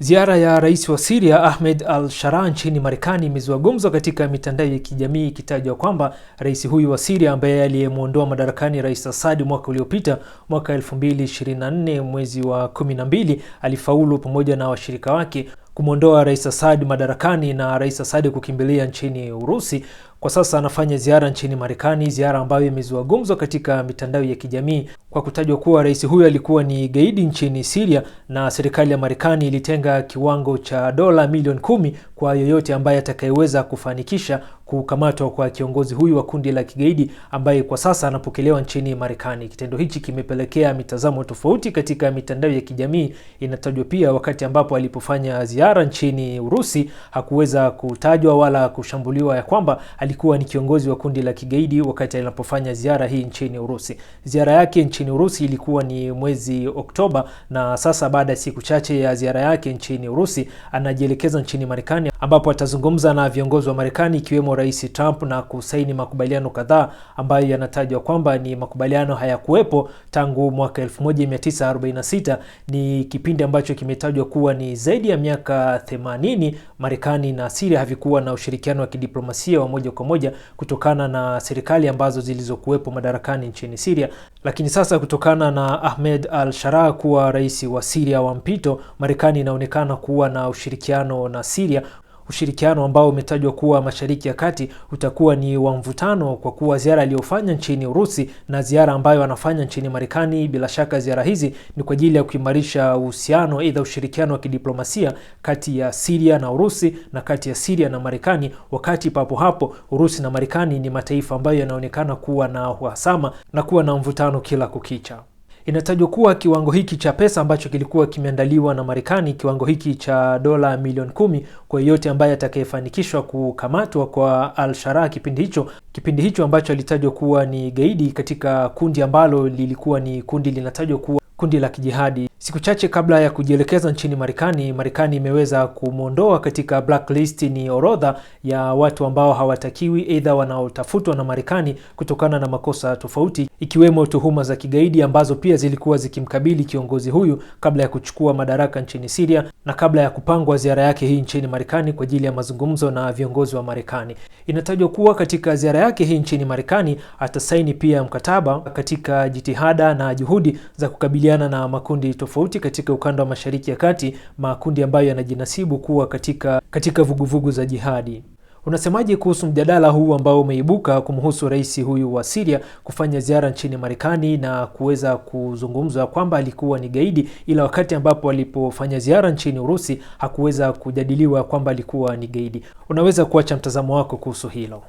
Ziara ya rais wa Syria Ahmed al-Sharaa nchini Marekani imezua gumzo katika mitandao ya kijamii ikitajwa kwamba rais huyu wa Syria ambaye aliyemwondoa madarakani Rais Assad mwaka uliopita mwaka 2024 mwezi wa 12 alifaulu pamoja na washirika wake kumwondoa Rais Assad madarakani na Rais Assad kukimbilia nchini Urusi kwa sasa anafanya ziara nchini Marekani, ziara ambayo imezua gumzo katika mitandao ya kijamii kwa kutajwa kuwa rais huyo alikuwa ni gaidi nchini Syria, na serikali ya Marekani ilitenga kiwango cha dola milioni kumi kwa yoyote ambaye atakayeweza kufanikisha kukamatwa kwa kiongozi huyu wa kundi la kigaidi ambaye kwa sasa anapokelewa nchini Marekani. Kitendo hichi kimepelekea mitazamo tofauti katika mitandao ya kijamii. Inatajwa pia wakati ambapo alipofanya ziara nchini Urusi hakuweza kutajwa wala kushambuliwa ya kwamba alikuwa ni kiongozi wa kundi la kigaidi wakati alipofanya ziara hii nchini Urusi. Ziara yake nchini Urusi ilikuwa ni mwezi Oktoba, na sasa baada ya siku chache ya ziara yake nchini Urusi anajielekeza nchini Marekani ambapo atazungumza na viongozi wa Marekani ikiwemo Rais Trump na kusaini makubaliano kadhaa ambayo yanatajwa kwamba ni makubaliano hayakuwepo tangu mwaka 1946. Ni kipindi ambacho kimetajwa kuwa ni zaidi ya miaka 80 Marekani na Syria havikuwa na ushirikiano wa kidiplomasia wa moja kwa moja kutokana na serikali ambazo zilizokuwepo madarakani nchini Syria, lakini sasa kutokana na Ahmed al-Sharaa kuwa rais wa Syria wa mpito, Marekani inaonekana kuwa na ushirikiano na Syria Ushirikiano ambao umetajwa kuwa Mashariki ya Kati utakuwa ni wa mvutano kwa kuwa ziara aliyofanya nchini Urusi na ziara ambayo anafanya nchini Marekani, bila shaka ziara hizi ni kwa ajili ya kuimarisha uhusiano, aidha ushirikiano wa kidiplomasia kati ya Syria na Urusi na kati ya Syria na Marekani, wakati papo hapo Urusi na Marekani ni mataifa ambayo yanaonekana kuwa na uhasama na kuwa na mvutano kila kukicha. Inatajwa kuwa kiwango hiki cha pesa ambacho kilikuwa kimeandaliwa na Marekani, kiwango hiki cha dola milioni kumi kwa yeyote ambaye atakayefanikishwa kukamatwa kwa Al-Sharaa kipindi hicho, kipindi hicho ambacho alitajwa kuwa ni gaidi katika kundi ambalo lilikuwa ni kundi linatajwa kuwa kundi la kijihadi. Siku chache kabla ya kujielekeza nchini Marekani, Marekani imeweza kumwondoa katika blacklist, ni orodha ya watu ambao hawatakiwi aidha wanaotafutwa na Marekani kutokana na makosa tofauti, ikiwemo tuhuma za kigaidi ambazo pia zilikuwa zikimkabili kiongozi huyu kabla ya kuchukua madaraka nchini siria na kabla ya kupangwa ziara yake hii nchini Marekani kwa ajili ya mazungumzo na viongozi wa Marekani. Inatajwa kuwa katika ziara yake hii nchini Marekani atasaini pia mkataba katika jitihada na juhudi za kukabiliana na makundi tofauti tofauti katika ukanda wa Mashariki ya Kati, makundi ambayo yanajinasibu kuwa katika katika vuguvugu za jihadi. Unasemaje kuhusu mjadala huu ambao umeibuka kumhusu rais huyu wa Syria kufanya ziara nchini Marekani na kuweza kuzungumzwa kwamba alikuwa ni gaidi, ila wakati ambapo alipofanya ziara nchini Urusi hakuweza kujadiliwa kwamba alikuwa ni gaidi. Unaweza kuacha mtazamo wako kuhusu hilo?